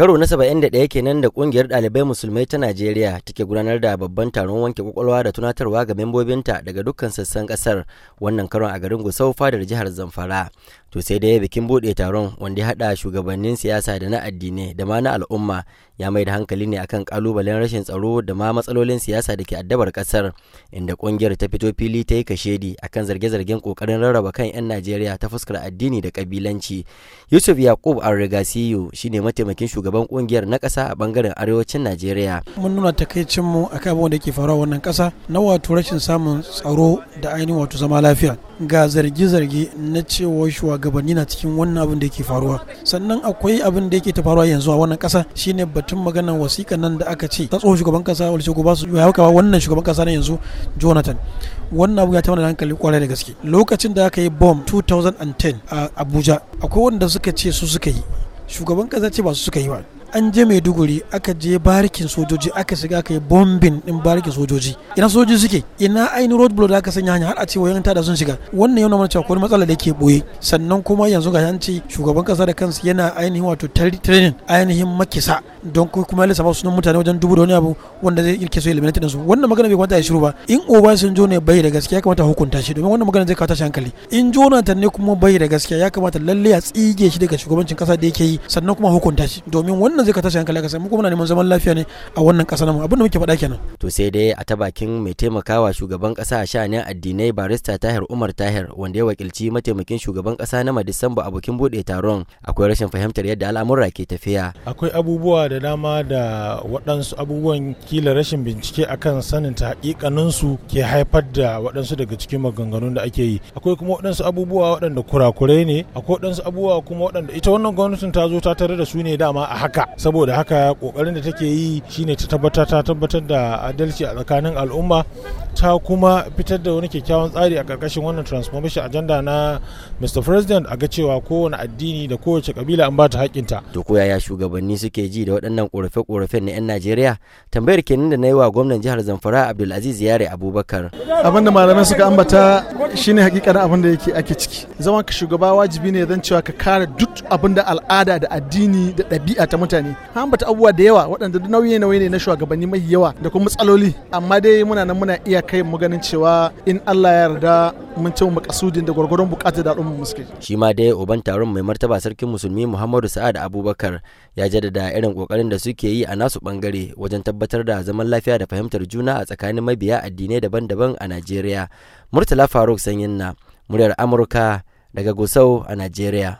karo na saba'in 71 kenan da kungiyar ɗalibai musulmai ta najeriya take gudanar da babban taron wanke kwakwalwa da tunatarwa ga membobinta daga dukkan sassan kasar wannan karon a garin gusau fadar jihar zamfara to sai dai bikin bude taron wanda ya hada shugabannin siyasa da na addinai da ma na al'umma ya mai da hankali ne akan kalubalen rashin tsaro da ma matsalolin siyasa da ke addabar kasar inda kungiyar ta fito fili ta yi kashedi akan zarge-zargen kokarin rarraba kan 'yan najeriya ta fuskar addini da kabilanci yusuf yakub arrigasiyo shine mataimakin shugaban kungiyar na kasa a bangaren arewacin najeriya mun nuna takaicinmu akan abubuwan da ke faruwa wannan kasa na wato rashin samun tsaro da ainihin wato zama lafiya ga zarge-zarge na cewa shugabanni na cikin wannan abin da yake faruwa sannan akwai abin da yake ta faruwa yanzu a wannan kasa shine batun maganar wasiƙa nan da aka ce ta tsohon shugaban kasa wani shugaba su ya hauka wannan shugaban kasa na yanzu jonathan wannan abu ya tabbata hankali kwarai da gaske lokacin da aka yi bom 2010 a abuja akwai wanda suka ce su suka yi shugaban kasa ce ba su suka yi ba an je maiduguri aka je barikin sojoji aka shiga aka yi bombin din barikin sojoji ina sojoji suke ina ainihin road blood aka sanya hanya har a ce yan tada sun shiga wannan yana mana cewa akwai matsala da ke boye sannan kuma yanzu ga ce shugaban kasa da kansa yana ainihin wato training ainihin makisa don kuma ya ba sunan mutane wajen dubu da wani abu wanda zai irke ya eliminate su wannan magana bai kwanta ya shiru ba in jo ne bai da gaskiya ya kamata hukunta shi domin wannan magana zai kawo tashi hankali in jonathan ne kuma bai da gaskiya ya kamata lalle ya tsige shi daga shugabancin kasa da yake yi sannan kuma hukunta shi domin wannan wannan zai ka tashi hankali ka mu kuma na neman zaman lafiya ne a wannan kasa namu abin da muke faɗa kenan to sai dai a ta bakin mai taimakawa shugaban ƙasa a sha'anin addinai barista Tahir Umar Tahir wanda ya wakilci mataimakin shugaban ƙasa na Madisamba abokin buɗe taron akwai rashin fahimtar yadda al'amura ke tafiya akwai abubuwa da dama da waɗansu abubuwan kila rashin bincike akan sanin ta su ke haifar da waɗansu daga cikin maganganun da ake yi akwai kuma waɗansu abubuwa waɗanda kurakurai ne akwai waɗansu abubuwa kuma waɗanda ita wannan gwamnatin ta zo ta tare da su ne dama a haka saboda haka kokarin da take yi shine ta tabbatar ta tabbatar da adalci a tsakanin al'umma ta kuma fitar da wani kyakkyawan tsari a karkashin wannan transformation agenda na Mr President a ga cewa kowane addini da kowace kabila an ba ta hakinta to ko yaya shugabanni suke ji da waɗannan korafe ƙorafe na 'yan Najeriya tambayar kenan da nayi wa gwamnan jihar Zamfara Abdulaziz Yare Abubakar abin da malamai suka ambata shine hakikanin abin da yake ake ciki zaman ka shugaba wajibi ne zan cewa ka kare duk abin da al'ada da addini da ɗabi'a ta mutane mutane an bata abubuwa da yawa waɗanda duk nauyi nauyi ne na shugabanni mai yawa da kuma matsaloli amma dai muna nan muna iya kai mu ganin cewa in Allah ya yarda mun ci kasudin da gwargwaron bukatar da al'umma muske shi ma dai uban taron mai martaba sarkin musulmi Muhammadu Sa'ad Abubakar ya jaddada irin kokarin da suke yi a nasu bangare wajen tabbatar da zaman lafiya da fahimtar juna a tsakanin mabiya addinai daban-daban a Najeriya Murtala Faruk Sanyin na muryar Amurka daga Gusau a Najeriya